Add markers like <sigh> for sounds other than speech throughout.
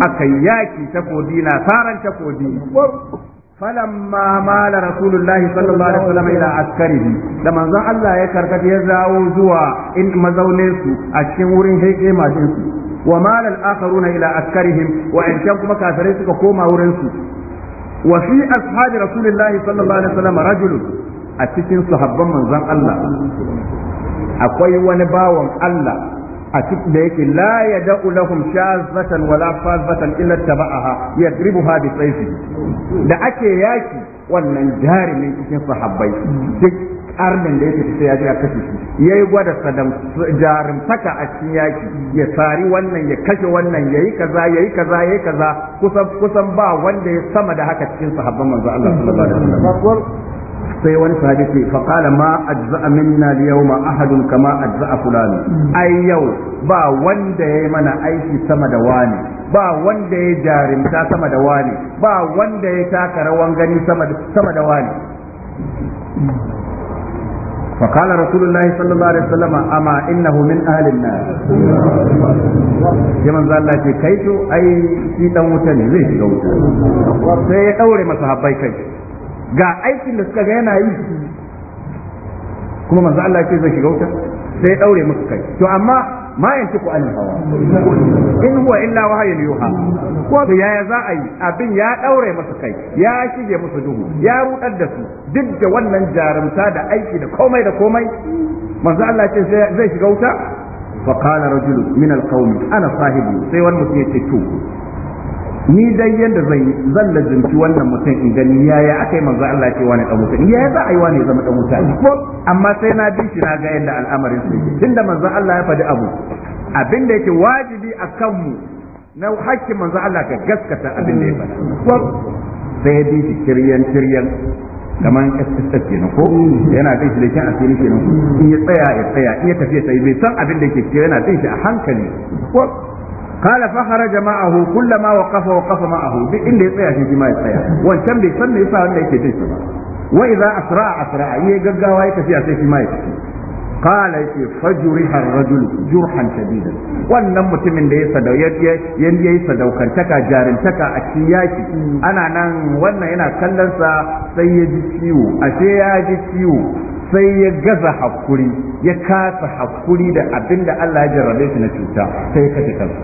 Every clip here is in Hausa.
aka yaki takobi na saran takobi فلما مال رسول الله صلى الله عليه وسلم الى عسكره لما زان الله يا كركت يا زاو زوا ان مزاونين سو اشين ورين هيكي ماشين سو ومال الاخرون الى عسكرهم وان كان كما كافرين suka koma wurin su وفي اصحاب رسول الله صلى الله عليه وسلم رجل a cikin sahabban manzon Allah akwai wani bawan Allah a cikin da yake la ya da'u lahum shazatan wala fazatan illa taba'aha yadribuha bi sayfi da ake yaki wannan jarumin cikin sahabbai duk arnin da yake sai ya ji a kashe shi yayi gwada sadam jarin saka a cikin yaki ya sari wannan ya kashe wannan yayi kaza yayi kaza yayi kaza kusan kusan ba wanda ya sama da haka cikin sahabban manzo Allah sallallahu alaihi wasallam sai wani sahabi ce fa qala ma ajza'a minna al-yawma ahadun kama ajza'a fulani ai yau ba wanda yayi mana aiki sama da wani ba wanda ya jarimta sama da wani ba wanda ya taka rawan gani sama da sama da wani فقال رسول الله صلى الله عليه وسلم أما إنه من أهل النار يمن ذا الله كيتو أي في تموتني Sai ya سيأوري masa صحبي kai. ga aikin da suka ga yana yi kuma manzo Allah ce zai shiga wuta sai daure musu kai to amma ma ku an hawa in huwa illa wahyun yuha ko da yaya za a yi abin ya daure masa kai ya shige musu duhu ya rudar da su duk da wannan jarumta da aiki da komai da komai manzo Allah ce zai shiga wuta fa qala rajulun min alqawmi ana sahibu sai wani mutum ya ce to ni dai yanda zai zan lazimci wannan mutum in gani yaya aka yi manzo Allah ke wani dan mutane yaya za a yi wani zama dan mutane ko amma sai na bi shi na ga yanda al'amarin su tunda manzo Allah ya faɗi abu abin da yake wajibi a kanmu na hakkin manzo Allah ka gaskata abin da ya faɗa ko sai ya bi shi kiryan kiryan kamar SSS kenan ko yana da shi da kyan asiri kenan in ya tsaya ya tsaya in ya tafiya sai bai san abin da yake yana bin shi a hankali ko قال فخرج معه كلما وقف وقف معه duk inda ya tsaya shi ma ya tsaya wancan bai san me yasa wanda yake jin ba wa idza asra asra yayi gaggawa ya tafiya sai shi ma ya tafi qala yace fajriha ar-rajul jurhan shadida wannan mutumin da ya sadauya yayi sadaukantaka jarintaka a cikin yaki ana nan wannan yana kallon sa sai ya ji ciwo ashe ya ji ciwo sai ya gaza hakuri ya kasa hakuri da abinda Allah ya jarrabe shi na cuta sai ya kashe kansa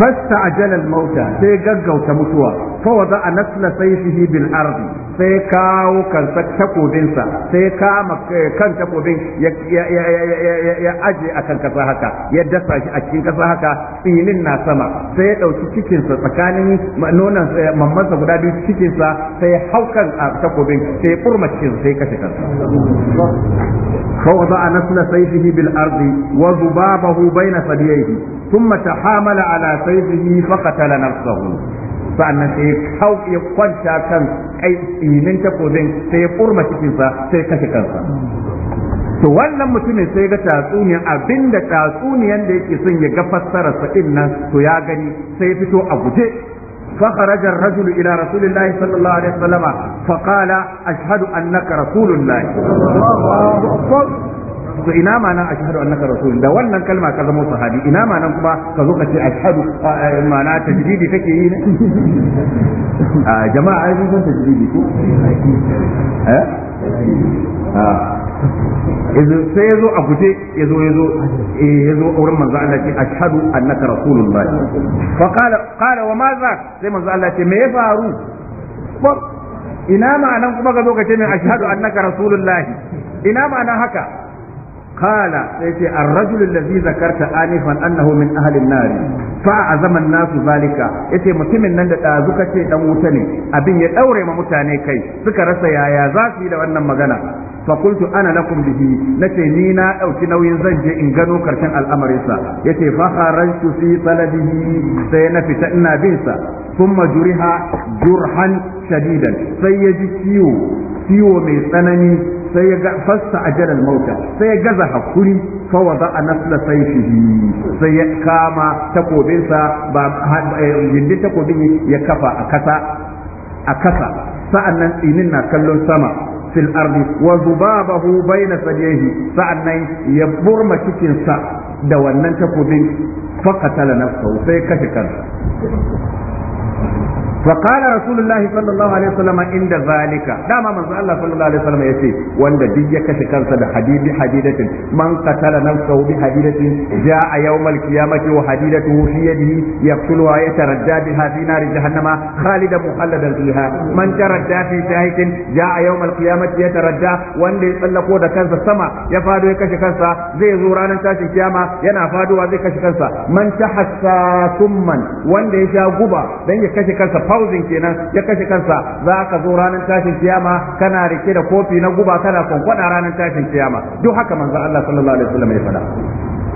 fasta ajalal mauta sai gaggauta mutuwa fa wada anasla sayfihi bil ardi sai kawo kansa takobinsa sai kama eh, kan takobin ya aje a kan kasa haka ya dasa shi a cikin kasa haka tsinin na sama sai ya ɗauki cikinsa tsakanin nonon eh, mammansa guda biyu cikinsa sai haukan a takobin sai kurma cikin sai kashe kansa فوضع نسل سيفه بالأرض وذبابه بين ثدييه ثم تحامل على سيفه فقتل نفسه nan sai hau ya kwanta kan kai tsinin takobin sai ya kurma cikinsa sai kashe kansa to wannan mutumin sai ga tatsuniyan abinda tatsuniyan da yake son ya ga fassara sa nan to ya gani sai fito a guje فخرج الرجل إلى رسول الله صلى الله عليه وسلم فقال أشهد أنك رسول الله to ina ma nan ashhadu annaka rasul da wannan kalma ka zama sahabi ina ma nan kuma ka zo ka ce ashhadu eh, ma'ana tajdidi take yi a <laughs> ah, jama'a ai zan tajdidi ko <laughs> eh ah. sai ya zo a guje ya zo ya zo eh, ya zo wurin manzo Allah ce ashhadu annaka rasulullah fa qala qala wa madha sai manzo Allah ce me ya faru ina ma'anan kuma ka zo ka ce min ashhadu annaka rasulullah ina ma'anan haka قال سيتي الرجل الذي ذكرت آنفا أنه من أهل النار fa azaman nasu zalika yace mutumin nan da dazu ce dan wuta ne abin ya daure ma mutane kai suka rasa yaya za su yi da wannan magana fa qultu ana lakum bihi nace ni na dauki nauyin zan je in gano karshen al'amarin sa yace fa kharajtu fi talabihi sai na fita ina bin sa thumma juriha jurhan shadidan sai ya ji ciwo ciwo mai tsanani sai ya ga fasta ajalal mauta sai ya gaza hakuri fa wada anasla sayfihi sai ya kama takobi takobinsa ba yindin eh, takobin ya kafa a kasa a kasa sa'annan tsinin na kallon sama fil ardi wa zubabahu baina sadayhi sa'annan ya burma cikin sa da wannan takobin faqatala nafsahu sai kashe kansa فقال رسول الله صلى الله عليه وسلم عند ذلك دام من الله صلى الله عليه وسلم يتي وند ديك كان سد حديد حديدة من قتل نفسه بحديدة جاء يوم القيامة وحديدته في يده يقتلها يتردى بها في نار جهنم خالدا مخلدا فيها من تردى في شاهد جاء يوم القيامة يتردى وند يطلقوا ده كان السماء يفادو يكشي كنسا زي زورانا تاشي قيامة ينا فادو وزي كشي كنسا من تحسى ثم وند يشا غبا دن يكشي كنسا fauzin kenan ya kashe kansa za ka zo ranar tashin kiyama kana rike da kofi na guba kana kwankwada ranar tashin kiyama duk haka manzo Allah sallallahu alaihi wasallam ya faɗa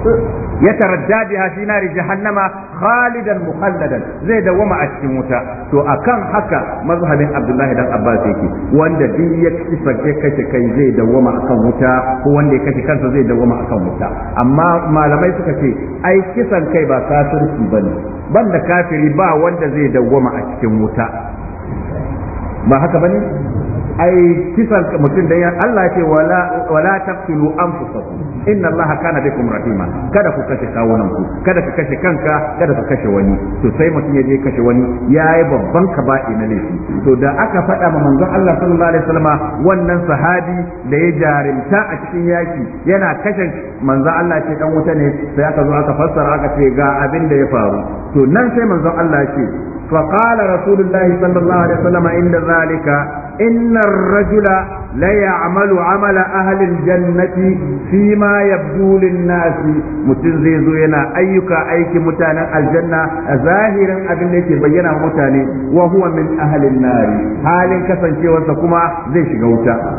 Ya yataradda biha fi nari jahannama khalidan mukhalladan zai dawama a cikin wuta to akan haka mazhabin Abdullahi dan Abbas yake wanda duk ya sifarce kashe kai zai dawama akan wuta ko wanda ya kashe kansa zai dawama akan wuta amma malamai suka ce ai kisan kai ba kafirci bane banda kafiri ba wanda zai dawama a cikin wuta ba haka bane ai kisan mutum da Allah ce wala wala taqtulu anfusakum inna Allah kana bikum rahima kada ku kashe kawunan ku kada ka kashe kanka kada ku kashe wani to sai mutum ya je kashe wani yayi babban kaba'i na laifi to da aka faɗa ma manzon Allah sallallahu alaihi wasallama wannan sahabi da ya jarimta a cikin yaki yana kashe manzon Allah ce dan wuta ne sai aka zo aka fassara aka ce ga abin da ya faru to nan sai manzon Allah ce فقال رسول الله صلى الله عليه وسلم عند ذلك إن الرجل ليعمل عمل أهل الجنة فيما يبدو للناس متنزيز ينا أيك أيك متانا الجنة ظاهرا أبنك بينا متاني وهو من أهل النار حال كفن شيء وسكما زي شغوتا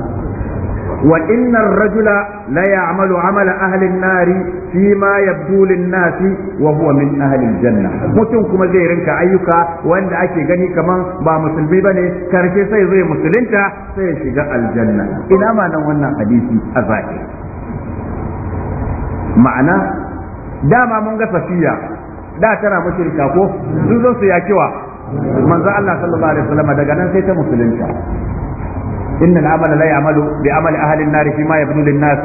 wa inna ar-rajula la ya'malu 'amala ahli nari fi ma yabdu lin-nasi wa min ahli janna mutum kuma zai rinka ayyuka wanda ake gani kaman ba musulmi bane karshe sai zai musulunta sai ya shiga aljanna ina ma nan wannan hadisi a zaki ma'ana dama mun ga safiya da tana mushrika ko sun zo su yakiwa manzo Allah sallallahu alaihi wasallam daga nan sai ta musulunta inna al-amala la ya'malu bi amali ahalin an-nar fi ma yabdu lin-nas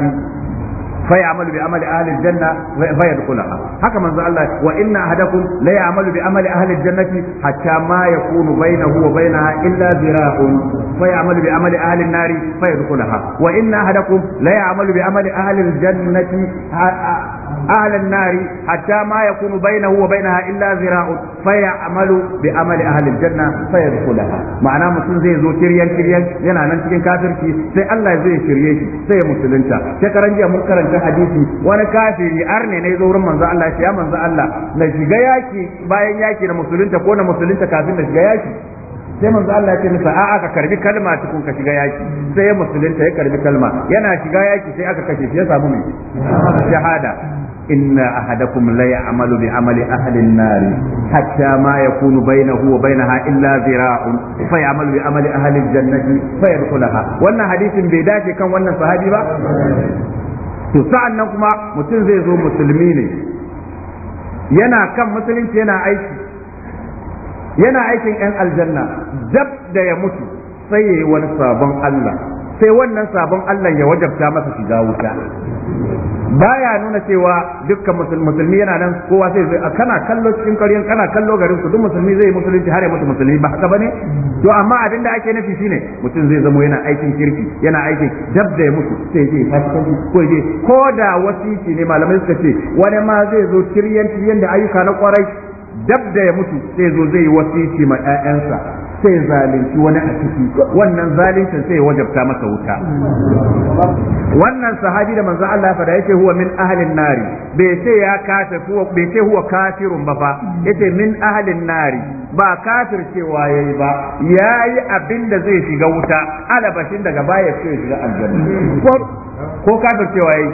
فيعمل بعمل أهل الجنة فيدخلها هكا من الله وإن أحدكم لا يعمل بعمل أهل الجنة حتى ما يكون بينه وبينها إلا ذراع فيعمل بعمل أهل النار فيدخلها وإن أحدكم لا يعمل بعمل أهل الجنة أهل النار حتى ما يكون بينه وبينها إلا ذراع فيعمل بعمل أهل الجنة فيدخلها معناه mutum zai zo kiryan kiryan yana nan cikin kafirci sai Allah zai shirye shi sai musulunta shekaran jiya mun karanta hadisi wani kafiri arne ne zo wurin manzo Allah ya manzo Allah na shiga yaki bayan yaki na musulunta ko na musulunta kafin na shiga yaki sai manzo Allah ya ce masa a'a ka karbi kalma tukun ka shiga yaki sai ya musulunta ya karbi kalma yana shiga yaki sai aka kashe shi ya samu mai shahada inna ahadakum la ya'malu bi amali ahli an-nar hatta ma yakunu bainahu wa bainaha illa zira'un fa ya'malu bi amali ahli al-jannati fa yadkhulaha wannan hadisin bai dace kan wannan sahabi ba to sa'an nan kuma mutum zai zo musulmi ne yana kan musulunci yana aiki yana aikin 'yan aljanna dab da ya mutu sai ya yi wani sabon Allah sai wannan sabon Allah ya wajabta masa shiga wuta baya nuna cewa dukkan musulmi yana nan kowa sai zai kana kallo cikin ƙaryan kana kallo garin su duk musulmi zai musulunci har ya mutu musulmi ba haka bane to amma abin da ake nufi shine mutum zai zama yana aikin kirki yana aikin dab da ya mutu sai je fasikanci ko je ko da wasiki ne malamai suka ce wani ma zai zo kiryan kiryan da ayyuka na kwarai dab da ya mutu sai zo zai wasiki ma ƴaƴansa sai zalunci wani a ciki wannan zalunci sai ya wajabta masa wuta wannan sahabi da manzo Allah fada yake huwa min ahlin nari bai ce ya kafir huwa bai sai huwa kafirun ba fa yace min ahlin nari ba kafir cewa yayi ba yayi abin da zai shiga wuta alabashin daga baya sai shiga aljanna ko kafir cewa yayi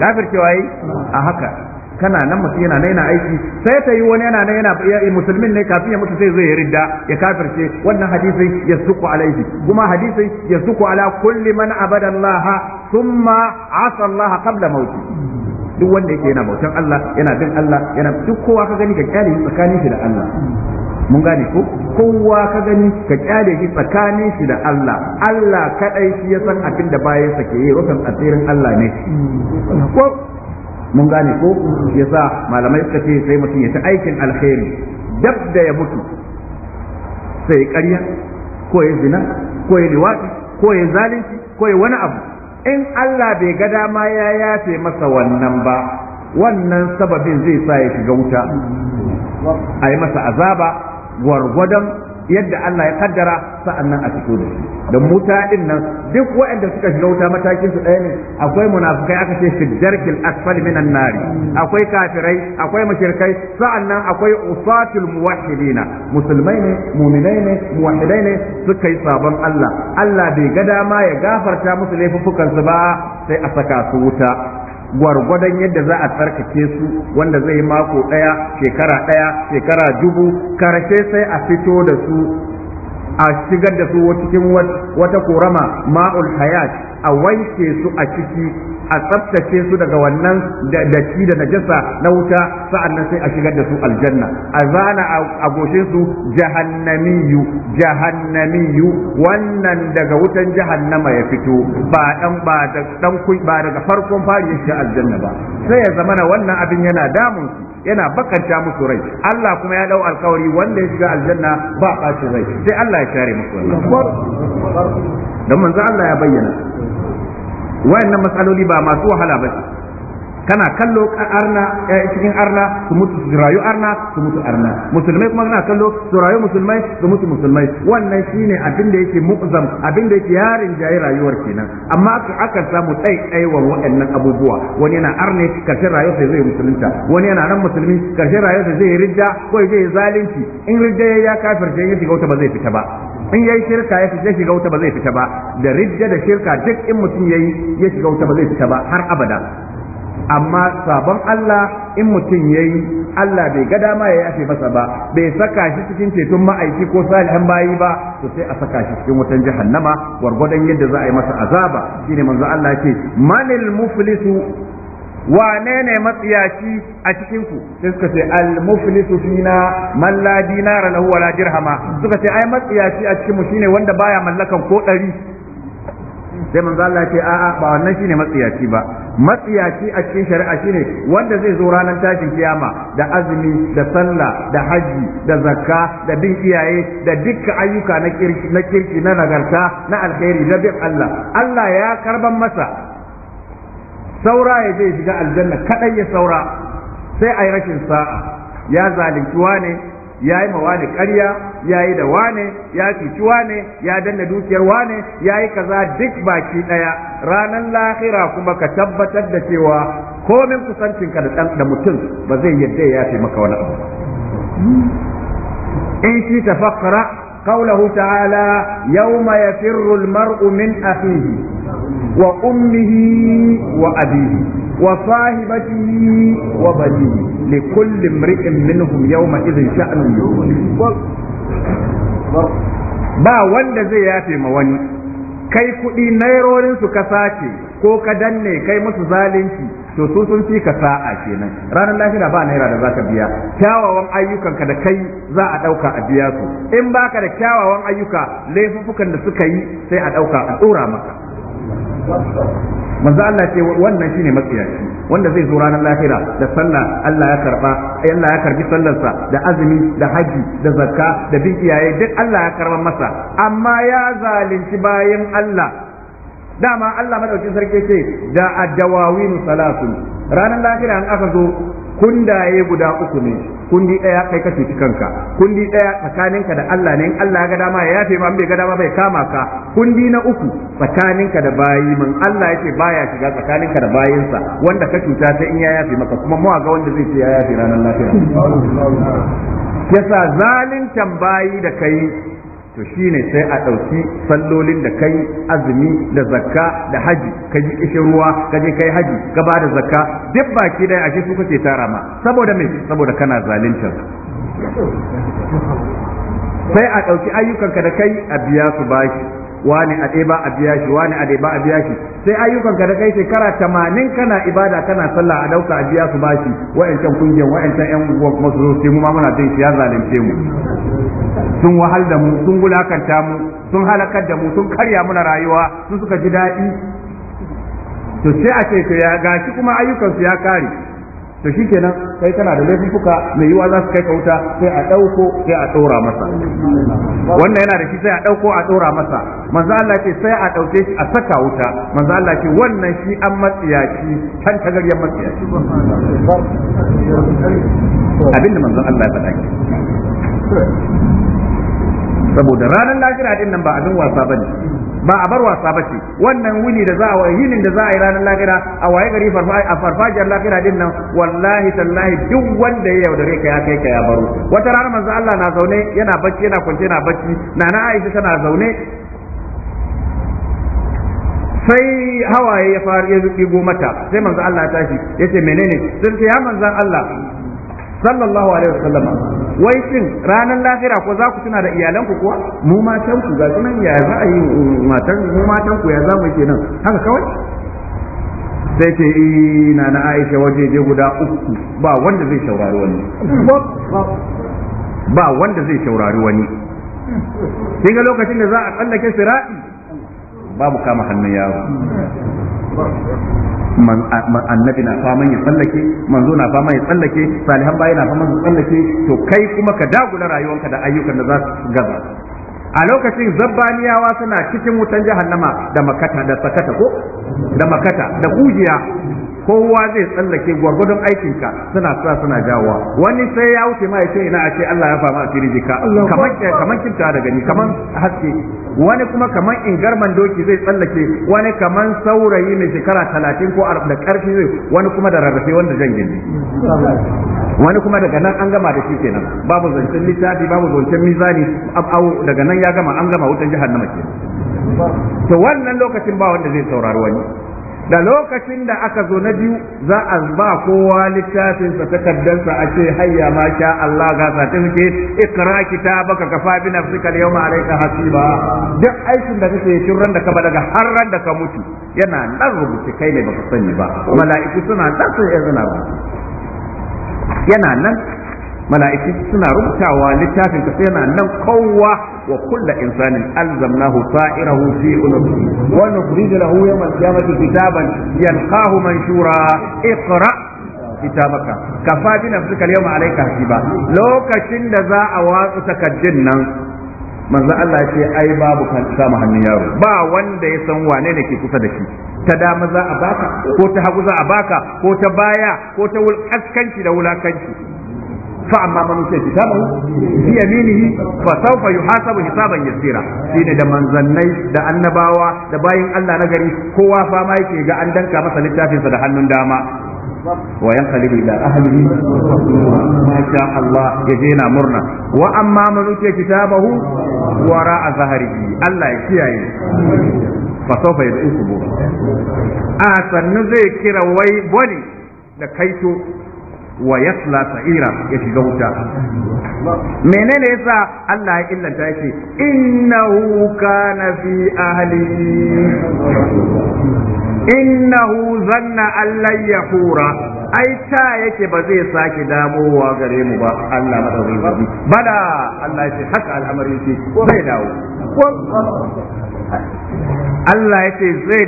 kafir cewa yayi a haka kana nan mutum yana nan yana aiki sai ta yi wani yana nan yana musulmin ne kafin ya mutu sai zai ridda ya kafirce wannan hadisin ya suku alaihi kuma hadisin ya suku ala kulli man abada Allah thumma asa Allah qabla mauti duk wanda yake yana bautan Allah yana bin Allah yana duk kowa ka gani ka kyale tsakanin shi da Allah mun gane ko kowa ka gani ka kyale shi tsakanin shi da Allah Allah kadai shi ya san abin da bayan sa ke yi rufin asirin Allah ne mun gane ko ya sa malamai suka ce sai mutum ya ta aikin alheri dab da ya mutu sai ƙarya ko ya zina ko ya liwaɗi ko ya zalunci ko ya wani abu in Allah bai ga dama ya yafe masa wannan ba wannan sababin zai sa ya shiga wuta a yi masa azaba gwargwadon yadda Allah ya kaddara sa'annan a fito da shi muta din nan duk waɗanda suka shiga wuta matakin su ɗaya ne akwai munafikai aka ce fi darkil minan nari akwai kafirai akwai mushrikai sa'annan akwai usatul muwahhidina musulmai ne mu'minai ne muwahhidai ne suka yi sabon Allah Allah bai ga dama ya gafarta musu laifukan su ba sai a saka su wuta gwargwadon yadda za a tsarkake su wanda zai mako ɗaya shekara ɗaya shekara dubu karshe sai a fito da su a shigar da su cikin wata korama ma'ul hayat a wanke su a ciki a tsabtace su daga wannan datti da najasa na wuta sa'annan sai a shigar da su aljanna a zana a goshe su jahannamiyu jahannamiyu wannan daga wutan jahannama ya fito ba dan ba da dan ba daga farkon fari ya aljanna ba sai ya zama wannan abin yana damun yana bakanta musu rai Allah kuma ya dau alkawari wanda ya shiga aljanna ba ɓacin rai sai Allah ya share musu wannan dan manzo Allah ya bayyana wayannan matsaloli ba masu wahala ba ce kana kallo arna eh, cikin arna su mutu su rayu arna su mutu arna musulmai kuma kana kallo su rayu musulmai su mutu musulmai wannan shine abin da yake mu'zam abin da yake yarin jayi rayuwar kenan amma aka samu tsai wa waɗannan abubuwa wani yana arne karshen sai zai musulunta wani yana nan musulmi karshen sai zai ridda ko zai zalunci in ridda ya sai ya shiga wuta ba zai fita ba in yayi shirka ya fita shiga wuta ba zai fita ba da ridda da shirka duk in mutum yayi ya shiga wuta ba zai fita ba har abada amma sabon Allah in mutum yayi Allah bai ga dama ya yafe masa ba bai saka shi cikin ceton ma'aiki ko salihan bayi ba to sai a saka shi cikin wutan jahannama gwargwadon yadda za a yi masa azaba shine manzo Allah ce manil muflisu wane ne matsiyaci a cikin ku sai suka ce al muflisu fina man la dinara lahu wala dirhama suka ce ai matsiyaci a cikin mu shine wanda baya mallakan ko ɗari sai manzo Allah ce a'a ba wannan shine matsiyaci ba matsiyaci a cikin shari'a shine wanda zai zo ranar tashin kiyama da azumi da sallah da haji da zakka da bin iyaye da dukkan ayyuka na kirki na kirki na nagarta na alkhairi da bin Allah Allah ya karban masa saura ya je shiga aljanna kadai ya saura sai ai rashin sa'a ya zalunci wane ya yi ma wani ƙarya ya yi da wane ya cuci wane ya danna dukiyar wane ya yi kaza duk baki ɗaya ranar lahira kuma ka tabbatar da cewa komin kusancinka da ɗan da mutum ba zai yadda ya fi maka wani abu in shi tafakkara ta'ala yawma yafirru al-mar'u min akhihi وأمه وأبيه وصاحبته وبنيه لكل امرئ منهم يومئذ شأن ba wanda zai yafe ma wani kai kuɗi nairorin su ka sace ko ka danne kai musu zalunci to su sun fi ka sa'a kenan ranar lafiya ba naira da zaka biya kyawawan ayyukanka da kai za a ɗauka a biya su in baka da kyawawan ayyuka laifuffukan da suka yi sai a ɗauka a tsora maka manzo Allah ce wannan shine matsiyaci wanda zai zo ranar lahira da sallah Allah ya karba Allah ya karbi sallarsa da azumi da haji da zakka da bin iyaye duk Allah ya karba masa amma ya zalunci bayan Allah dama Allah madaukin sarki ce da adawawin salatu ranar lahira an aka zo kundaye guda uku ne kundi ɗaya kai ka cuci kanka kundi ɗaya tsakaninka da Allah ne in Allah ya ga dama ya yafe ma bai ga dama bai kama ka kundi na uku tsakaninka da bayi man Allah yake baya shiga tsakaninka da bayinsa wanda ka cuta sai in ya yafe maka kuma mu ga wanda zai ce ya yafe ranar lafiya yasa zaluntan bayi da kai to shine sai a ɗauki sallolin da kai azumi da zakka da haji ka ji kishin ruwa ka je kai haji ka ba da zakka duk baki dai ashe su kace tara ma saboda me saboda kana zaluntar sai a ɗauki ayyukanka da kai a biya su bashi wani a ɗeba a biya shi wani a ɗeba a biya shi sai ayyukan ka da kai shekara tamanin kana ibada kana sallah a dauka a biya su bashi wa'ancan kungiyar wa'ancan yan uwa kuma su zo sai mu ma muna jin shi ya zalunce mu sun wahal da mu sun wulakanta mu sun halakar da mu sun karya muna rayuwa sun suka ji daɗi to sai a ce to ya gashi kuma ayyukan su ya kare to shi kenan kai kana da laifuka mai yiwa za su kai ka wuta sai a ɗauko sai a ɗora masa wannan yana da shi sai a ɗauko a ɗora masa manzo Allah ce sai a ɗauke shi a saka wuta manzo Allah ce wannan shi an matsiyaci kan shi matsiyaci da manzo Allah ya faɗa saboda ranar lahira din nan ba abin wasa bane ba a bar wasa ba ce wannan wuni da za a yinin da za a yi ranar lahira a waye gari a farfajiyar lahira din nan wallahi tallahi duk wanda ya yaudare ka ya kai ka ya baro wata rana manzo Allah na zaune yana bacci yana kwance yana bacci nana Aisha tana zaune sai hawaye ya fara ya mata sai manzo Allah ya tashi yace menene sun ya manzo Allah sallallahu alaihi wasallam wai shin ranar lahira ko za ku tuna da iyalanku kuwa mu matan ku ga sunan ya za a yi mm, matan mu matan ku ya za mu kenan haka kawai sai ce ina eh, na Aisha waje je guda uku ba wanda zai saurari wani ba wanda zai saurari wani kin ga lokacin da za a tsallake sira'i babu kama hannun yaro annabi na faman ya tsallake manzo na faman ya tsallake salihan bayi na faman ya tsallake to kai kuma ka dagula rayuwanka da ayyukan da za su gaba a lokacin zabbaniyawa suna cikin wutan jahannama da makata da sakata ko da makata da kujiya kowa zai tsallake gwargwadon aikinka suna sa suna jawa wani sai ya wuce ma ya ce ina a ce Allah ya fama asiri jika kaman kaman kinta da gani kaman haske wani kuma kaman ingarman doki zai tsallake wani kaman saurayi mai shekara talatin ko da karfi zai wani kuma da rarrafe wanda zan gini. wani kuma daga nan an gama da shi kenan babu zancen littafi babu zancen mizani daga nan ya gama an gama wutan jihar na kenan to wannan lokacin ba wanda zai saurari wani da lokacin da aka zo na biyu za a ba kowa littafinsa takardarsa a ce hayya ma sha Allah ga certificate ikra kitabaka kafa bi nafsika yawma alayka hasiba duk aikin da kake yi ran da ka ba daga har ran da ka mutu yana nan rubuce kai ne baka sani ba mala'iku suna nan sun yana nan mala'iku suna rubutawa littafin ka yana nan kowa wa kullu insanin alzamnahu ta'irahu fi ulumi wa nukhrij lahu yawm al-qiyamati kitaban yalqahu manshura iqra kitabaka kafa bi nafsika al-yawma alayka hasiba lokacin da za a watsu takaddin nan manzo Allah ce ai babu kan samu hannun yaro ba wanda ya san wane ne ke kusa da shi ta dama za a baka ko ta hagu za a baka ko ta baya ko ta wulakaskanci da wulakanci Fa'amma فأما من أوتي كتابه fa فسوف يحاسب حسابا يسيرا shine da manzannai da annabawa da bayin Allah na gari kowa fama yake ga an danka masa littafinsa da hannun dama wa yanqalibu ila ahlihi ma sha Allah yaje na murna wa amma man utiya kitabahu wara a zahrihi Allah ya kiyaye fa sawfa yad'u a sannu zai kira wai wani da kaito wa yasla sa'ira ya shiga wuta menene yasa Allah ya illanta yake innahu kana fi ahli innahu zanna an ya yahura ai ta yake ba zai sake damowa gare mu ba Allah madaukakin sarki bada Allah ya ce haka al'amari yake zai dawo Allah ya ce zai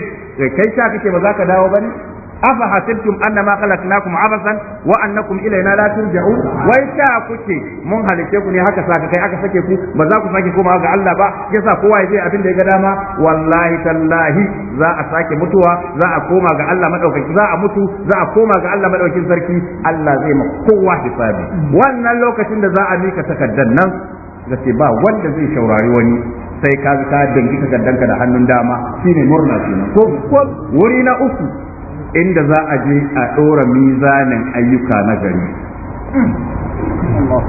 kai sha kake ba za ka dawo bane afa hasibtum annama khalaqnakum abasan wa annakum ilaina la turja'un wai sa kuke mun halice ku ne haka saka kai aka sake ku ba za ku sake koma ga Allah ba yasa kowa ya je abin da ya ga dama wallahi tallahi za a sake mutuwa za a koma ga Allah madaukakin za a mutu za a koma ga Allah madaukakin sarki Allah zai ma kowa hisabi wannan lokacin da za a mika takaddan nan gaske ba wanda zai shaurari wani sai ka ka dangi takaddanka da hannun dama shine murna kenan ko wuri na uku inda za a je a ɗora mizanin ayyuka na gari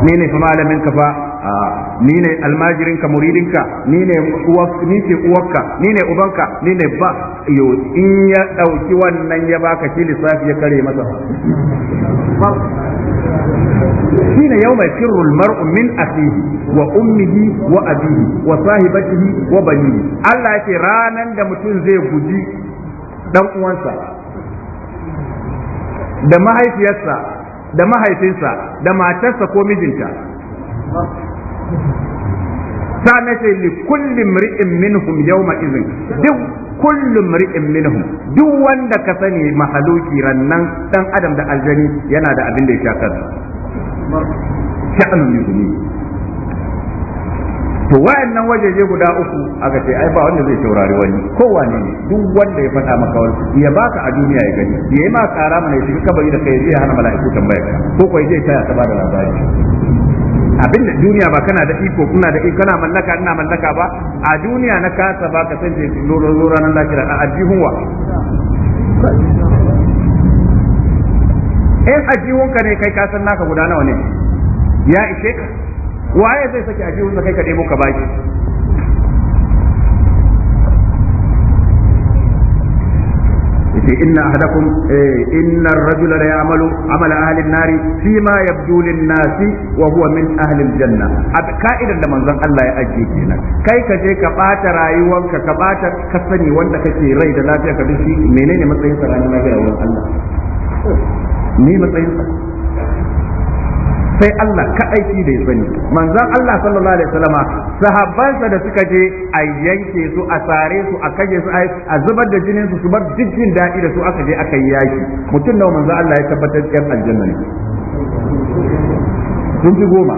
ni ne fa malamin ka fa ni ne almajirin ka muridin ka ni ne ni ce uwarka ni ne ubanka ni ne ba yo in ya dauki wannan ya baka shi lissafi ya kare masa حين يوم يفر المرء من أخيه وأمه وأبيه وصاحبته وبنيه الله mutum لمتنزي بجي دم uwansa. da mahaifiyarsa da mahaifinsa da matarsa ko mijinta ta ce li kullum mri'in minhum yau ma'izin duk kullum ri'in minhum duk wanda ka sani mahaluki rannan dan adam da aljani yana da abin da ya sha kansa sha'anun yuzumi to wayannan wajeje guda uku aka ce ai ba wanda zai taurari wani kowane ne duk wanda ya faɗa maka wani ya baka a duniya ya gani ya yi ma tsara mana ya shiga kabari da kai zai hana mala'iku ka, ko kai zai taya ta bada labari abin da duniya ba kana da iko kuna da iko kana mallaka ina mallaka ba a duniya na kasa ba ka san sai loro loro nan lakira a ajihun wa in ajihun ka ne kai ka san naka guda nawa ya ishe ka waye zai saki a jihun kai ka nemo ka baki yace inna ahadakum eh, inna ar-rajula la ya'malu amala ahli an-nari fi ma yabdu lin-nasi wa huwa min ahli al-janna ka'idan da manzon Allah ya ajiye kenan kai ka je ka bata rayuwanka ka bata ka sani wanda kake rai da lafiya ka dashi menene matsayin sa ranar Allah ne matsayin sa sai Allah ka shi da ya sani manzon Allah sallallahu alaihi wasallama sahabbansa da suka je a yanke su a sare su a kage su a zubar da jinin su su bar jikin daɗi da su aka je aka yi yaki mutum nawa manzan Allah ya tabbatar yan aljanna ne sun fi goma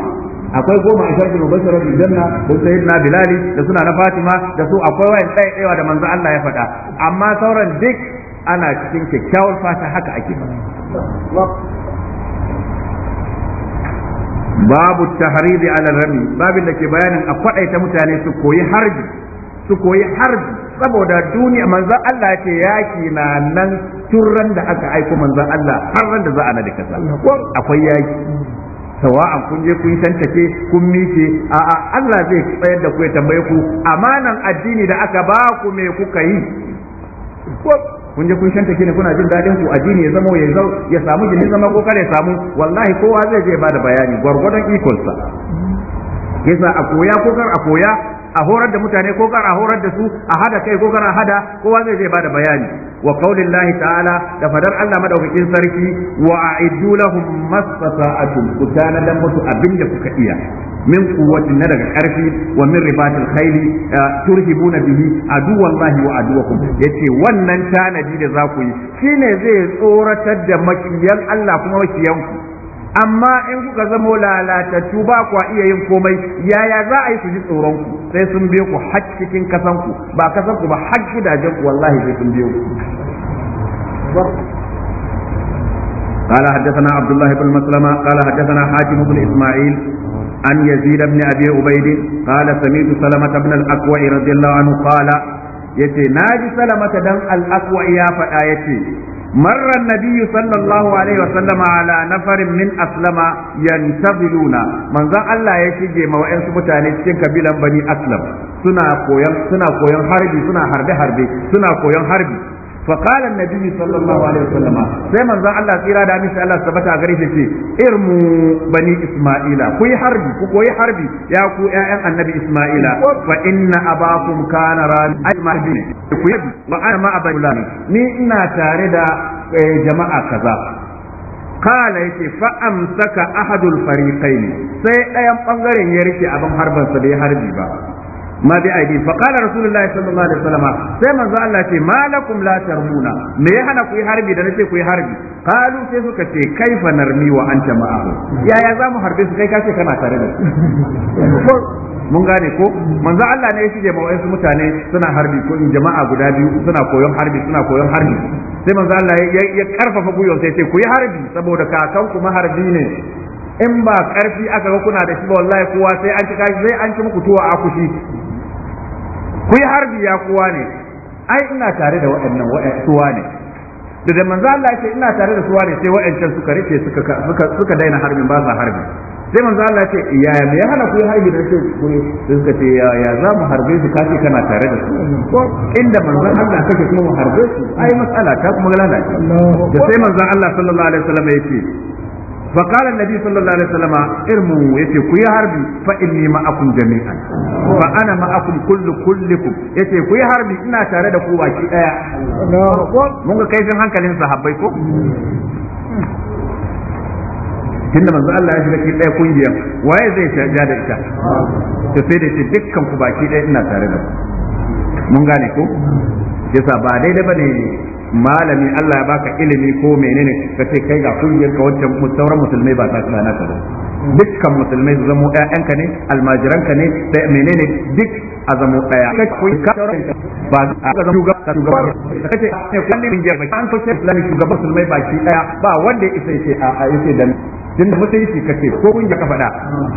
akwai goma a shafin mubashara fil janna da sayyidina bilali da suna na fatima da su akwai wayan tsaye tsayewa da manzan Allah ya faɗa amma sauran duk ana cikin kyakkyawar fata haka ake ba. babu tahridi ala rami babu da ke bayanin a ta mutane su koyi harbi su koyi harbi saboda duniya manzon Allah ya ce yaki na nan turran da aka aiko manzon Allah har ran da za a nade kasa akwai yaki sawa'an kun je kun take, kun mice a'a Allah zai tsayar da ku ya tambaye ku amanan addini da aka ba ku me kuka yi kun je kun shanta ne kuna jin dadin ku addini ya zama ya zau ya samu jini zama ko kare samu wallahi kowa zai je bada bayani gwargwadon ikonsa yasa a koya ko kar a koya a horar da mutane ko kar a horar da su a hada kai ko kar a hada kowa zai je bada bayani wa qaulillahi ta'ala da fadar Allah madaukakin sarki wa a'iddu lahum masfata'atum ku tanadan musu abinda kuka iya min quwwatin na daga karfi wa min ribatil khayli eh, turhibuna bihi aduwallahi wa ya ce wannan tanadi da za ku yi shine zai tsoratar da makiyan Allah kuma makiyanku amma in kuka zamo lalatattu ba ku iya yin komai yaya za a yi ku ji tsoron ku sai sun biyo ku har cikin ku ba kasan ba har gidajen ku wallahi sai sun biyo ku قال حدثنا عبد الله بن مسلمة قال حدثنا حاتم بن إسماعيل عن يزيد بن أبي عبيد قال سمعت سلمة بن الأكوع رضي الله عنه قال yace na ji salamata dan al-aqwa ya faɗa yace marra nabi sallallahu alaihi wa sallama ala nafarin min aslama yantabiluna manzon Allah ya shige ma wa'ansu mutane cikin kabilan bani aslam suna koyan suna koyan suna harbe harbi فقال النبي صلى الله عليه وسلم سيما زان الله سيرا دا مش الله سبتا غريش شيء ارمو بني اسماعيل كوي حربي كوي حربي يا كو يا النبي اسماعيل فان اباكم كان رامي اي مهدي كوي وانا ما ابا ني انا تاري دا جماعه كذا kala yace fa amsaka ahadul fariqaini sai ɗayan bangaren ya rike abin harbansa bai harbi ba ma bi aidi fa qala rasulullahi sallallahu alaihi wasallam sai manzo Allah ce malakum la tarmuna me ya hana ku yi harbi da nace ku yi harbi qalu sai suka ce kaifa narmi wa anta ma'ahu yaya za harbe su kai kace kana tare da su mun gane ko manzo Allah ne ya shige ma wayansu mutane suna harbi ko in jama'a guda biyu suna koyon harbi harbi sai manzo Allah ya karfafa gwiwa sai ce ku yi harbi saboda kakan kuma harbi ne in ba karfi aka ga kuna da shi ba wallahi kowa sai an ci kashi sai an ci muku tuwa a ku yi harbi ya kuwa ne ai ina tare da waɗannan suwa ne da da manzo Allah ce ina tare da suwa ne sai waɗancan suka rike suka suka daina harbin ba za harbi sai manzo Allah ce ya me ya hana ku yi harbi dan sai ku sai suka ce ya ya za mu harbe su kace kana tare da su ko inda manzo Allah kake kuma mu harbe su ai matsala ta kuma lalace da sai manzo Allah sallallahu alaihi wasallam ya ce فقال النبي صلى sallallahu alaihi وسلم irmu yace ku yi harbi معكم جميعا فانا jami'an كل كلكم يتي kullu kullukum yace ku harbi ina tare da ku baki daya mun ga kaifin hankalin sahabbai ko tunda manzo Allah ya shiga cikin ɗaya kungiya waye zai ja da ita to sai da ce dukkan ku baki ɗaya ina tare da ku mun gane ko yasa ba daidai bane malami Allah ya baka ilimi ko menene ka ce kai ga kungiyar ka wancan sauran musulmai ba ta kana ka ba dukkan musulmai su zamo ƴaƴanka ne almajiranka ne sai menene duk a zamo ɗaya kai ko ka ba a ga shugaba shugaba kace ne kullin kungiyar ba an fice lami shugaba musulmai baki ɗaya ba wanda ya isa yace a a yace dan tun da musulunci ka ce ko kungiya ka faɗa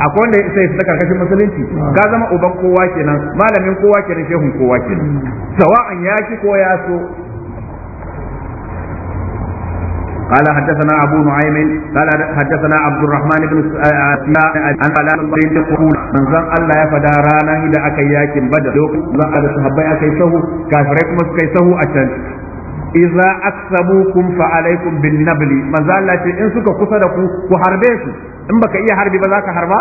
akwai wanda ya isa karkashin musulunci ka zama uban kowa kenan malamin kowa kenan shehun kowa kenan sawa'an ya ki ko ya so قال حدثنا أبو نعيم قال حدثنا عبد الرحمن بن سياء عن على بن قول من زن الله يفدا رانا إذا أكي ياكم بدر دوك لا أدى صحبي أكي سهو كافريك مسكي سهو أتن إذا أكسبوكم فعليكم بالنبل ما زال إن سكا كسدكم وحربيكم in baka iya harbi ba za ka harba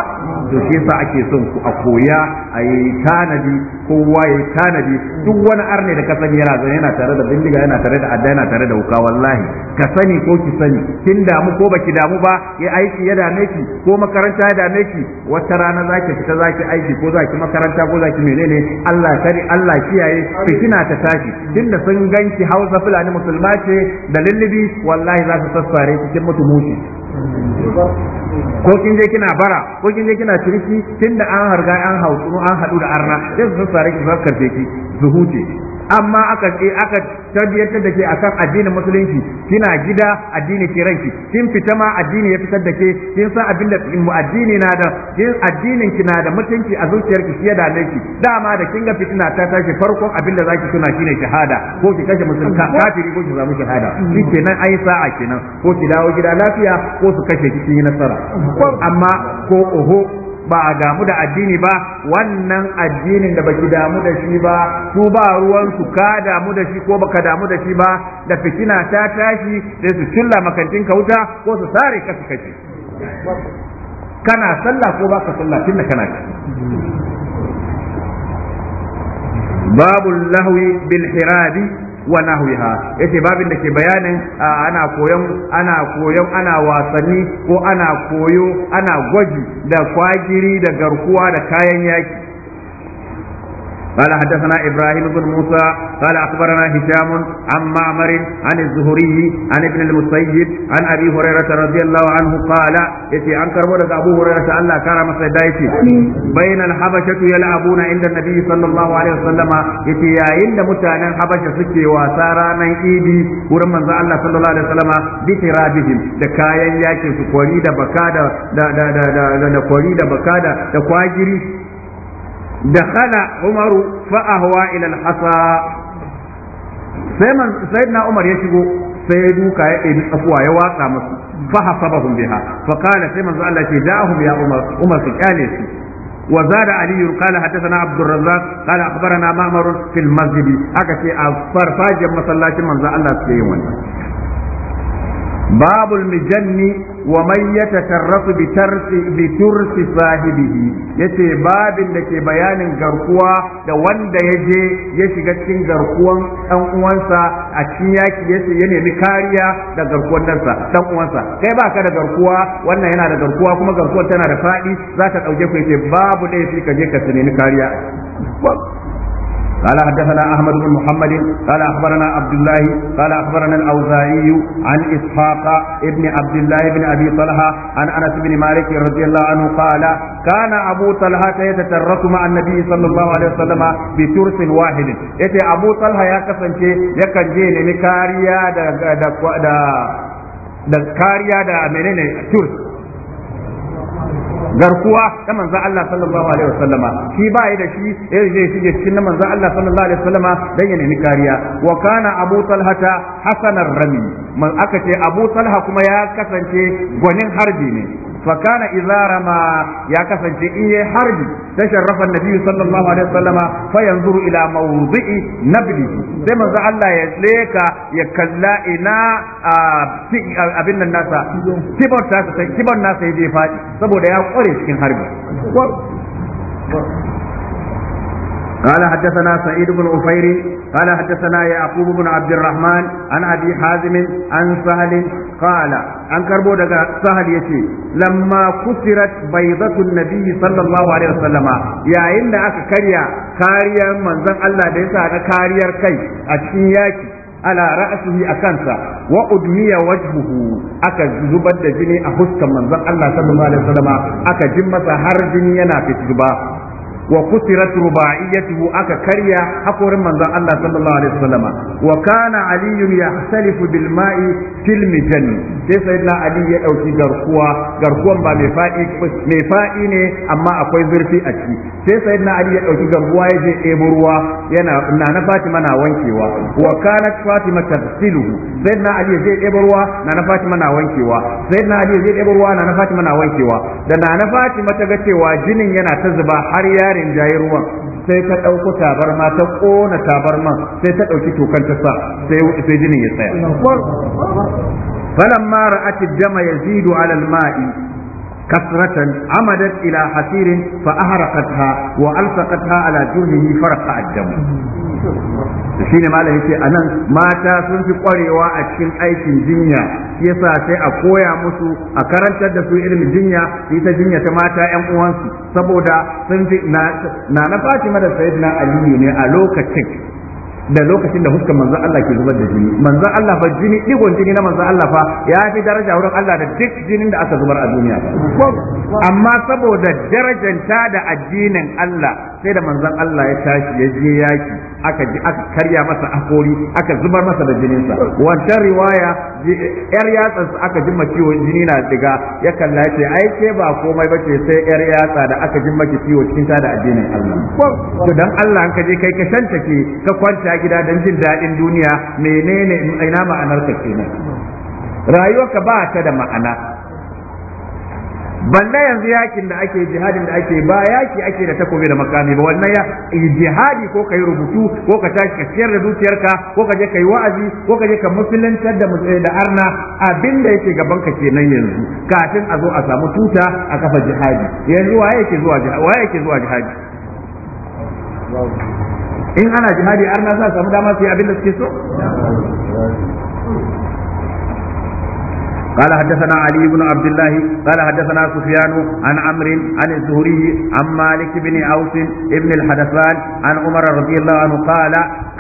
to shi yasa ake son ku a koya a yi tanadi kowa ya yi tanadi duk wani arne da ka sani yana zan yana tare da bindiga yana tare da adda yana tare da wuka wallahi ka sani ko ki sani kin damu ko baki damu ba ya aiki ya dame ki ko makaranta ya dame ki wata rana za ki fita za ki aiki ko za ki makaranta ko za ki menene Allah kare Allah kiyaye fitina ta tashi da sun ganki Hausa Fulani musulma ce da lullubi wallahi za su sassare cikin mutumuci ko kin je kina bara ko kin je kina ciniki tunda an harga an hautsu an haɗu da arna sai su fara ki ki su huce amma aka ce aka tarbiyyar da ke akan addinin musulunci kina gida addini ke ranki kin fita ma addini ya fitar da ke kin san abin da mu addini na da kin addinin ki na da mutunci a zuciyar ki fiye da nake dama da kin ga fitina ta tashi farkon abin da zaki tuna shine shahada ko ki kashe musulunta kafiri ko ki samu shahada ki kenan ai sa'a kenan ko ki dawo gida lafiya ko su kashe ki kin yi nasara amma ko oho ba a damu da addini ba wannan addinin da baki damu da shi ba su ba ruwan su ka damu da shi ko baka damu da shi ba da fitina ta tashi sai su killa makantin ka wuta ko su sare ka su kace kana sallah ko baka sallah tunda kana babu lahwi bil hirabi wa nahwiha yace babin da ke bayanin ana koyon ana koyon ana wasanni ko ana koyo ana gwaji da kwagiri da garkuwa da kayan yaki قال حدثنا إبراهيم بن موسى قال أخبرنا هشام عن معمر عن الزهري عن ابن المسيب عن أبي هريرة رضي الله عنه قال يتي عن كربونة أبو هريرة ألا كان مسيدايتي بين الحبشة يلعبون عند النبي صلى الله عليه وسلم يتي يا إن متانا الحبشة سكي وسارانا إيدي ورمان الله صلى الله عليه وسلم بترابهم دكايا ياكي سكوري da baka da da da da da da kwari da baka da da kwagiri dakhala umaru fa ahwa ila hasa sai man umar ya shigo sai ya duka ya ɗebi tsakuwa ya watsa musu fa hasabahum fa sai Allah ce umar su kyale su وزاد علي قال حدثنا عبد الرزاق قال اخبرنا معمر في المسجد اكتي فرفاج مسلاش من الله سيئون باب mijanni. wa man yatatarrasu bi tarsi bi tursi sahibihi yace babin da ke bayanin garkuwa da wanda ya je ya shiga cikin garkuwan dan uwansa a cikin yaki yace ya nemi kariya da garkuwan dansa dan uwansa kai ba ka da garkuwa wannan yana da garkuwa kuma garkuwar tana da fadi za dauke ku yace babu dai yafi ka je ka nemi kariya قال حدثنا أحمد بن محمد قال أخبرنا عبد الله قال أخبرنا الأوزاعي عن إسحاق ابن عبد الله بن أبي طلحة عن أنس بن مالك رضي الله عنه قال كان أبو طلحة يتترك مع النبي صلى الله عليه وسلم بترس واحد يتي أبو طلحة يا كسنشي يكن جيني كاريا دا, دا, دا, دا da kariya da menene tur garkuwa ta manzon Allah sallallahu alaihi wasallama shi ba da shi yayin da shige cikin na manzon Allah sallallahu alaihi wasallama dan ya nemi kariya wa kana Abu Talhata hasanar rami man aka ce Abu Talha kuma ya kasance gwanin harbi ne فكان إذا رمى يا كفن إيه حرب تشرف النبي صلى الله عليه وسلم فينظر إلى موضع نبله كما الله يزليك يكلا إنا أبن الناس كبر الناس يجي فاجي سبو يا قريش كن حرب قال حدثنا سعيد بن عفير قال حدثنا يعقوب بن عبد الرحمن عن ابي حازم عن سهل قال عن كربو دغا سهل يتي لما كسرت بيضة النبي صلى الله عليه وسلم يا ان aka karya kariyar manzon Allah da sa na kariyar kai a cikin yaki ala ra'sihi akansa wa udmiya wajhuhu aka zubar da jini a huskan manzon Allah sallallahu alaihi wasallam aka jin masa har jini yana ba. wa kusirat rubaiyatuhu aka karya hakorin manzon Allah sallallahu alaihi wasallam wa kana ali yahtalifu bil ma'i fil mijan sai sayyidina ali ya dauki garkuwa garkuwan ba mai fa'i mai fa'i ne amma akwai zurfi a ciki sai sayyidina ali ya dauki garkuwa ya je ɗebo ruwa yana na fatima na wankewa wa kana fatima tafsiluhu sayyidina ali ya je ɗebo ruwa na fatima na wankewa sayyidina ali ya je ɗebo ruwa na fatima na wankewa da na fatima ta ga cewa jinin yana ta zuba har ya jayi ruwan sai ta ɗauko tabarma ta ƙona tabarma sai ta ɗauki tokan ta sa sai sai jinin ya tsaya falamma ra'atid dama yazidu alal ma'i كثرة عمدت إلى حسير فأهرقتها وألصقتها على جرهه فرق الدم shine ne ce a nan? mata sun fi kwarewa a cikin aikin jinya shi yasa sai a koya musu a karantar da su ilimin jinya su ta jinya ta mata yan uwansu saboda sun fi na na Fatima da Sayyidina Aliyu ne a lokacin da lokacin da fuskar manzan Allah ke zubar da jini manzan Allah fa jini digon jini na manzan Allah fa ya fi daraja wurin Allah da duk jinin da aka zubar a duniya amma saboda darajanta da addinin Allah sai da manzan Allah ya tashi ya je yaki aka karya masa akori aka zubar masa da jininsa wancan riwaya yar su aka jima ciwo jini na diga ya kalla ce ai ke ba komai bace sai yar yatsa da aka ji maki ciwo cikin ta da addinin Allah to dan Allah an kaje kai ka shanta ke ka kwanta gida dan jin dadin duniya menene ina ma'anar ka kenan rayuwarka ba ta da ma'ana banda yanzu yakin da ake jihadin da ake ba yaki ake da takobi da makami ba wannan ya jihadi ko kai rubutu ko ka tashi ka ciyar da dukiyarka ko ka je kai wa'azi ko ka je ka musulantar da da arna abin da yake gaban ka kenan yanzu kafin a zo a samu tuta a kafa jihadi yanzu waye yake zuwa waye yake zuwa jihadi in ana jihadi arna za samu dama su yi abin da suke so قال حدثنا علي بن عبد الله قال حدثنا سفيان عن عمرو عن الزهري عن مالك بن اوس بن الحدثان عن عمر رضي الله عنه قال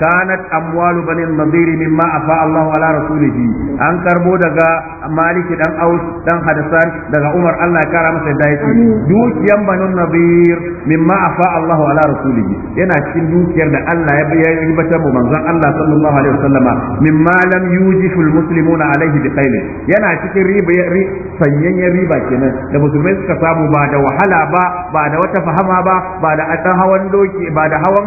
كانت اموال بني النضير مما افاء الله على رسوله ان كربو دغا مالك دان اوس دان حدثان دغا عمر الله كرا masa dace dukiyan banu nadir mimma afa Allah ala rasulihi yana cikin dukiyar da Allah ya yi batar mu manzon Allah sallallahu alaihi wasallama mimma lam yujifu almuslimuna alaihi bi yana cikin riba sanyayyen riba kenan da musulmai suka samu ba da wahala ba ba da wata fahama ba ba da a hawan doki ba da hawan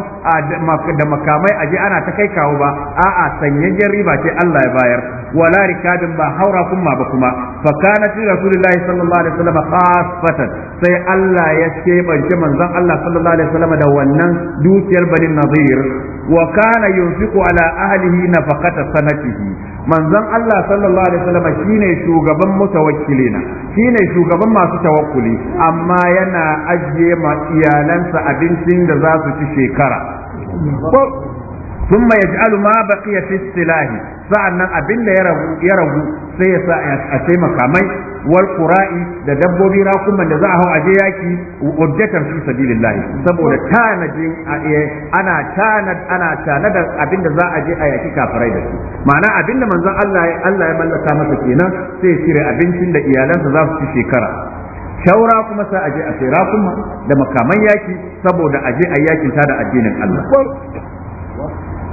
da makamai aje ana ta kai kawo ba a'a sanyayyen riba ce Allah ya bayar wala rikabin ba haura kuma ba kuma fa kana fi rasulullahi sallallahu alaihi wasallam khasfatan sai Allah ya ce manzon Allah sallallahu alaihi wasallam da wannan dukiyar bani nadir wa kana yunfiqu ala ahlihi nafaqata sanatihi manzon Allah sallallahu alaihi wasallam shine shugaban mutawakkilina shine shugaban masu tawakkuli amma yana ajiye ma iyalansa abincin da za su ci shekara thumma yaj'alu ma baqiya fi silahi sa'annan abinda ya rabu ya rabu sai ya sa a sai makamai wal qura'i da dabbobi rakuman da za a hau aje yaki objectar fi sabilillah saboda tanadin e, ana tanad ana tanadar abinda za a je a yaki kafirai da su ma'ana abinda manzon Allah Allah ya mallaka masa kenan sai ya cire abincin da iyalansa za su ci shekara shaura kuma sa aje a sai rakuma da makaman yaki saboda a je a yakin ta da addinin Allah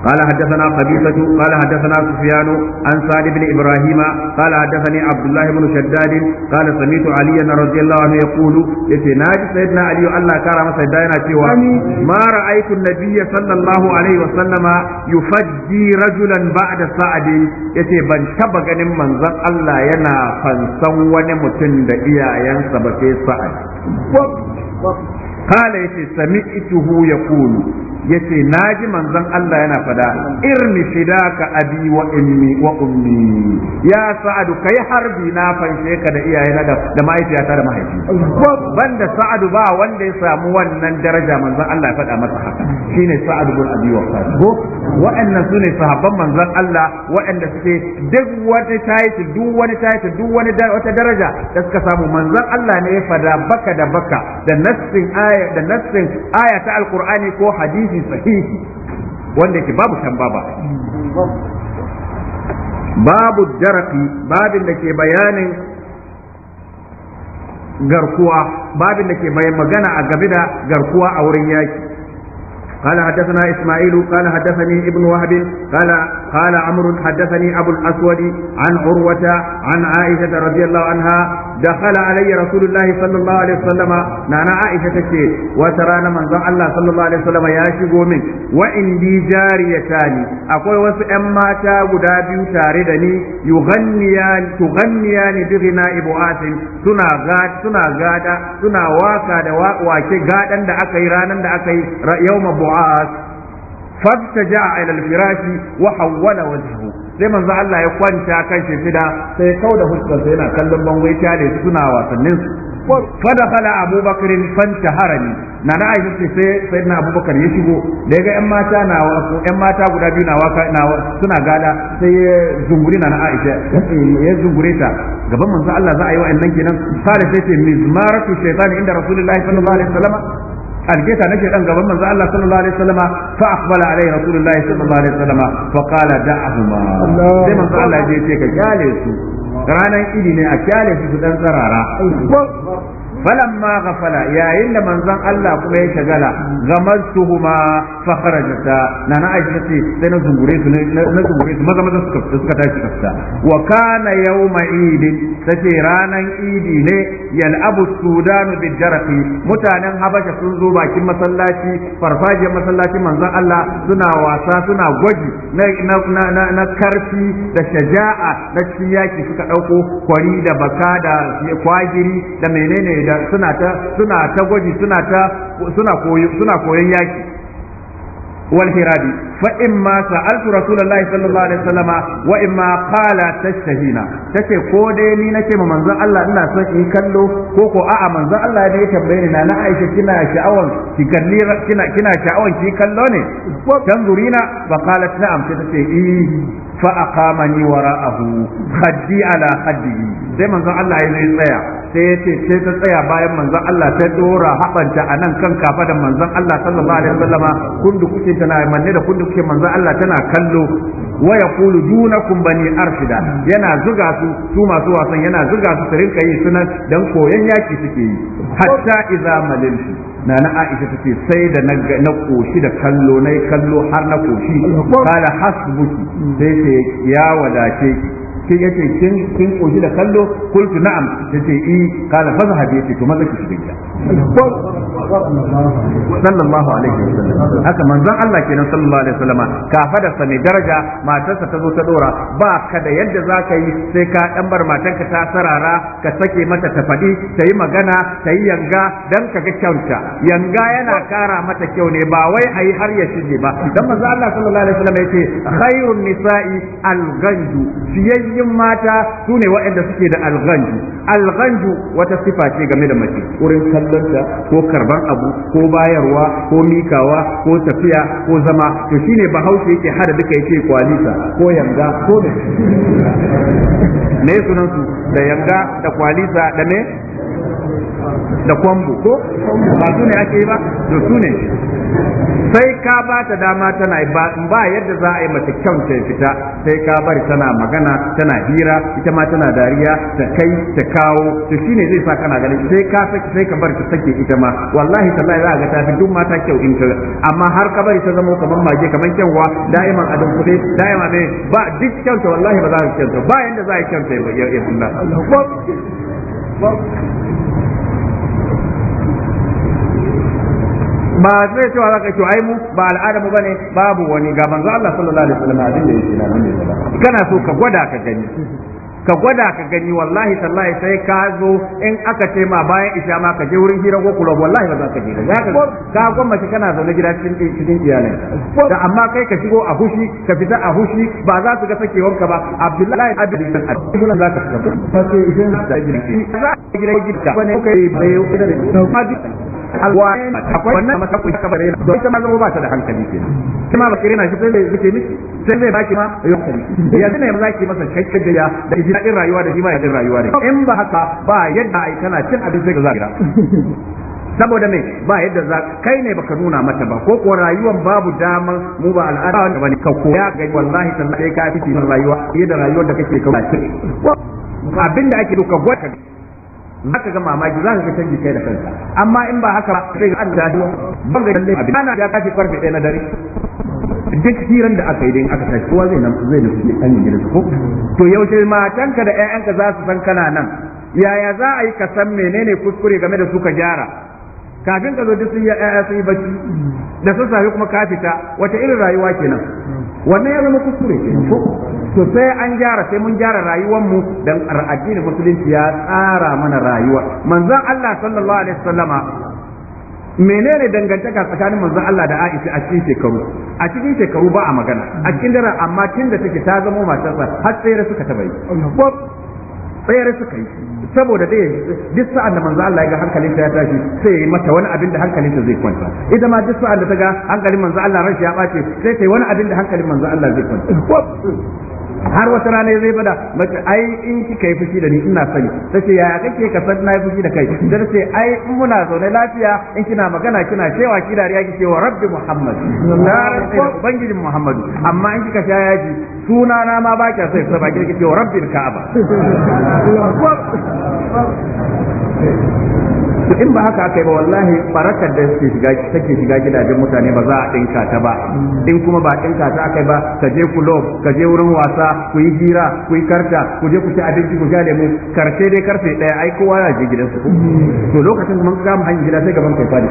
قال حدثنا قبيصة قال حدثنا سفيان عن سعد بن إبراهيم قال حدثني عبد الله بن شداد قال سمعت عليا رضي الله عنه يقول يتناج سيدنا علي الله كرم سيدنا سوى ما رأيت النبي صلى الله عليه وسلم يفجي رجلا بعد سعد يتي بن شبك من زن الله ينا فانسان ونمتن دقيا ينسبك سعد kala yace sami'tuhu yaqulu yace naji manzon Allah yana fada irmi fidaka abi wa ummi wa ummi ya sa'adu kai harbi na fanshe ka da iyaye da da mahaifiyata da mahaifi banda sa'adu ba wanda ya samu wannan daraja manzon Allah ya fada masa haka shine sa'adu bin abi waqqas ko wa'annan sune sahabban manzon Allah wa'anda suke duk wani tayi duk wani tayi duk wani wata daraja da suka samu manzon Allah ne ya fada baka da baka da nassin aya riwaya da nassin aya ta alqur'ani ko hadisi sahihi wanda ke babu tambaba babu jarafi babin da ke bayanin garkuwa babin da ke bayan magana a game da garkuwa a wurin yaki قال حدثنا إسماعيل قال حدثني ابن وهب قال قال عمرو حدثني أبو الأسود عن عروة عن عائشة رضي الله عنها dakhala alayya rasulullahi sallallahu alaihi wasallam nana aisha tace wata rana manzon Allah sallallahu alaihi wasallam ya shigo min wa indi jariyatani akwai wasu ƴan mata guda biyu tare da ni yughanniyani tughanniyani bi ghina'i bu'atin suna gada suna waka da wake gadan da aka yi ranar da aka yi yau ma bu'as فابتجع إلى الفراش وحول وجهه sai manzo Allah ya kwanta kan fida sai kau da fuskar sai yana kallon bangon ya kyale suna wasannin su fadakhala Abu Bakr harami na na Aisha sai sai na Abu Bakar ya shigo da ga yan mata na wasu yan mata guda biyu na waka na suna gada sai ya zunguri na na Aisha ya zungure ta gaban manzo Allah za a yi wa'annan kenan sai sai ce mizmaratu shaytan inda Rasulullahi sallallahu alaihi wasallam algeta ke ɗan gaban manzo Allah sallallahu alaihi wasallama fa aqbala alaihi rasulullahi sallallahu alaihi wasallama fa qala da'ahuma sai manzo Allah ya ce ka kyale su ranar idi ne a kyale su su dan tsarara falamma ghafala yayin da manzon Allah kuma ya shagala gamartuhuma fa kharajata nana aisha ce sai na zungure su na zungure su maza maza suka fita suka tashi fita wa kana yawma eid sace ranan idi ne yal'abu Sudanu bil jarqi mutanen habasha sun zo bakin masallaci farfajiyar masallacin manzon Allah suna wasa suna gwaji na na karfi da shaja'a na cikin yaki suka ɗauko kwari da baka da kwagiri da menene da suna ta suna ta gwaji suna ta suna koyo suna koyon yaki wal hiradi fa imma sa'altu rasulullahi sallallahu alaihi wasallama wa imma qala tashhina tace ko dai ni nake ma manzon Allah ina so in kallo ko ko a'a manzon Allah ne ya tambaye ni na Aisha kina sha'awan ki kalli kina kina sha'awan ki kallo ne tanzurina fa qalat na'am tace eh fa aqamani wara'ahu haddi ala haddi sai manzon Allah ya tsaya sai yace sai ta tsaya bayan manzon Allah ta dora haɓanta a nan kan da manzon Allah sallallahu alaihi wasallama kundu kuke tana manne da kundu kuke manzon Allah tana kallo wa yaqulu dunakum bani arshida yana zuga su su masu wasan yana zuga su su rinka yi sunan dan koyan yaki suke yi hatta idza maliltu na na Aisha tace sai da na koshi da kallo na kallo har na koshi kala hasbuki sai ce ya wadace ki kin yace kin kin koshi da kallo qultu na'am yace i eh. qala fa zahabi yace to maza ki shiga gida sallallahu alaihi wasallam haka manzon Allah kenan sallallahu alaihi wasallam ka da sani daraja matarsa ta zo ta dora ba ka da yadda za ka yi sai ka dan bar matanka ta sarara ka sake mata ta faɗi ta yi magana ta yi yanga dan ka ga kyauta yanga yana kara mata kyau ne ba wai ayi har ya shige ba dan manzon Allah sallallahu alaihi wasallam yace khairun nisa'i al-ganju fiyayyin mata sune waɗanda suke da al-ganju wata sifa ce game da mace kallon sadda ko karban abu ko bayarwa ko mikawa ko tafiya ko zama to shine bahaushe yake hada duka yake kwalisa ko yanga ko ne <laughs> me sunan su da yanga da kwalisa da me da kwambo ko ba su ne ake yi ba to su ne sai ka ba ta dama tana ba ba yadda za a yi mata kyau ta fita sai ka bari tana magana tana hira ita ma tana dariya ta kai ta kawo to shine zai sa kana ganin sai ka saki sai ka bari ta sake ita ma wallahi tallahi za ga tafi fi duk mata kyau in ta amma har ka bari ta zama kamar mage kamar kyanwa a dan kudi da'iman ne ba duk kyauta wallahi ba za ka kyauta ba yadda za a yi kyauta ya bulla ba zai cewa zaka ce ai mu ba al'ada mu bane babu wani ga manzo Allah sallallahu alaihi wasallam abin da yake na mun kana so ka gwada ka gani ka gwada ka gani wallahi tallahi sai ka zo in aka ce ma bayan isha ma ka je wurin hira ko kula wallahi ba za ka je ga ka gwamnati kana zaune gida cikin cikin iyalai da amma kai ka shigo a hushi ka fita a hushi ba za su ga sakewar ka ba abdullahi abdullahi za ka fita ba sai idan za ka gida gida ka ne kai bai da alwa akwai wannan masa ku ka bare don ita ma zama ba ta da hankali kenan kuma ba kirena shi sai zai miki sai zai baki ma ya hankali yanzu ne za ki masa cikakken da ya da ji daɗin rayuwa da shi ma rayuwa ne in ba haka ba yadda ai tana cin abin sai ka zagira saboda me ba yadda za kai ne baka nuna mata ba ko ko rayuwar babu dama mu ba al'ada da bane ka koya ga wallahi tallahi ka fi rayuwa da rayuwar da kake kawo abinda ake duka gwata zaka ga mamaki zaka ga canji kai da kanka amma in ba haka ba sai ga Allah da ban ga lalle abin ana ya kafi karfe 1 na dare duk hiran da aka yi din aka tashi kowa zai nan zai nufi kan gidan ko to yaushe matanka da ƴaƴanka za su san kana nan yaya za a yi ka san menene kuskure game da su ka gyara kafin ka zo duk sun yi ƴaƴa sun yi bacci da sun safe kuma ka fita wata irin rayuwa kenan wannan ya zama kuskure ko to sai an gyara sai mun gyara rayuwar mu dan addinin musulunci ya tsara mana rayuwa manzon Allah sallallahu alaihi wasallama menene dangantaka tsakanin manzon Allah da Aisha a cikin shekaru a cikin shekaru ba a magana a cikin dare amma tun da take ta zama matarsa har sai suka taba yi tsayar suka yi saboda dai duk sa'an da manzo Allah ya ga ta ya tashi sai yayi mata wani abin da hankalin ta zai kwanta Idan ma duk sa'an da ta ga hankalin manzo Allah rashi ya bace sai ta wani abin da hankalin manzo Allah zai kwanta har wata rana zai fada mace ai in kika yi fushi da ni ina sani ta ce yaya kake ka san na yi fushi da kai dan ce ai in muna zaune lafiya in kina magana kina cewa ki dariya ki cewa rabbi muhammad na rantsa da Muhammad amma in kika sha yaji suna na ma ba kya sai sai ba ki cewa rabbil ka'aba to in ba haka aka yi ba wallahi barakar da suke shiga take shiga gidajen mutane ba za a dinka ta ba in kuma ba dinka ta aka ba ka je lob ka je wurin wasa ku yi hira ku yi karta ku je ku ci abinci ku lemu karshe dai karfe daya ai kowa ya je gidansu to lokacin mun ga mu hanyar gida sai gaban kai fadi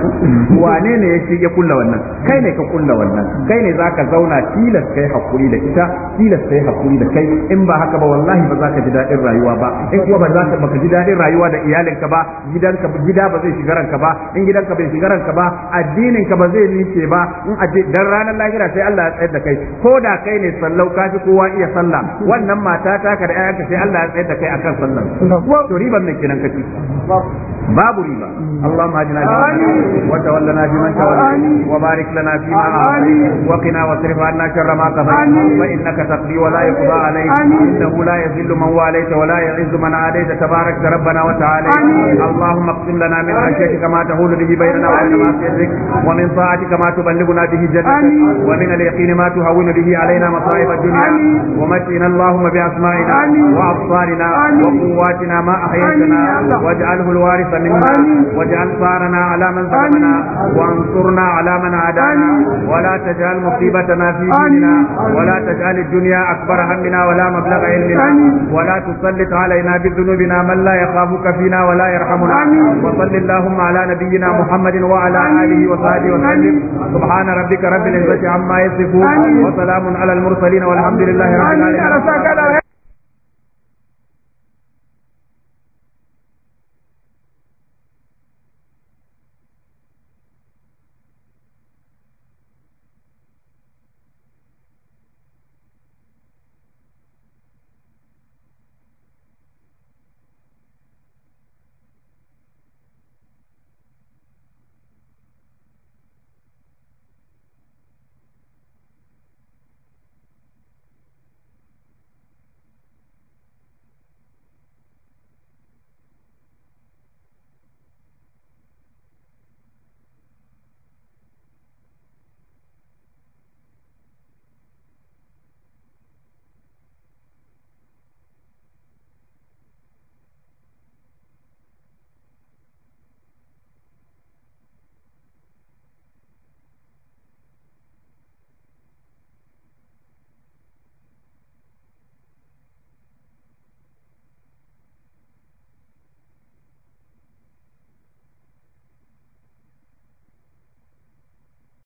wane ne ya ce ya kulla wannan kai ne ka kulla wannan kai ne zaka zauna tilas kai hakuri da ita tilas kai hakuri da kai in ba haka ba wallahi ba za ka ji daɗin rayuwa ba in kuma ba za ka ji daɗin rayuwa da iyalinka ba gidanka gida gida ba zai shiga ranka ba in gidanka bai shiga ranka ba addinin ka ba zai nice ba in aje dan ranar lahira sai Allah ya tsayar da kai ko da kai ne sallau ka fi kowa iya sallah wannan mata ta ka da ƴaƴanka sai Allah ya tsayar da kai akan sallar. to riban ne kenan kaci babu riba اللهم اهدنا فيمن وتولنا فيمن توليت وبارك لنا فيما اعطيت وقنا واصرف عنا شر من خشيتك ما تهون به بيننا وبين معصيتك ومن طاعتك ما تبلغنا به جنتك ومن اليقين ما تهون به علينا مصائب الدنيا ومتنا اللهم بأسمائنا وأبصارنا وقواتنا ما أحييتنا واجعله الوارث منا واجعل ثارنا على من ظلمنا وانصرنا على من عادانا ولا تجعل مصيبتنا في ديننا ولا تجعل الدنيا أكبر همنا ولا مبلغ علمنا ولا تسلط علينا بذنوبنا من لا يخافك فينا ولا يرحمنا وصل وصل اللهم على نبينا محمد وعلى آله وصحبه وسلم سبحان ربك رب العزة عما يصفون وسلام على المرسلين والحمد لله رب العالمين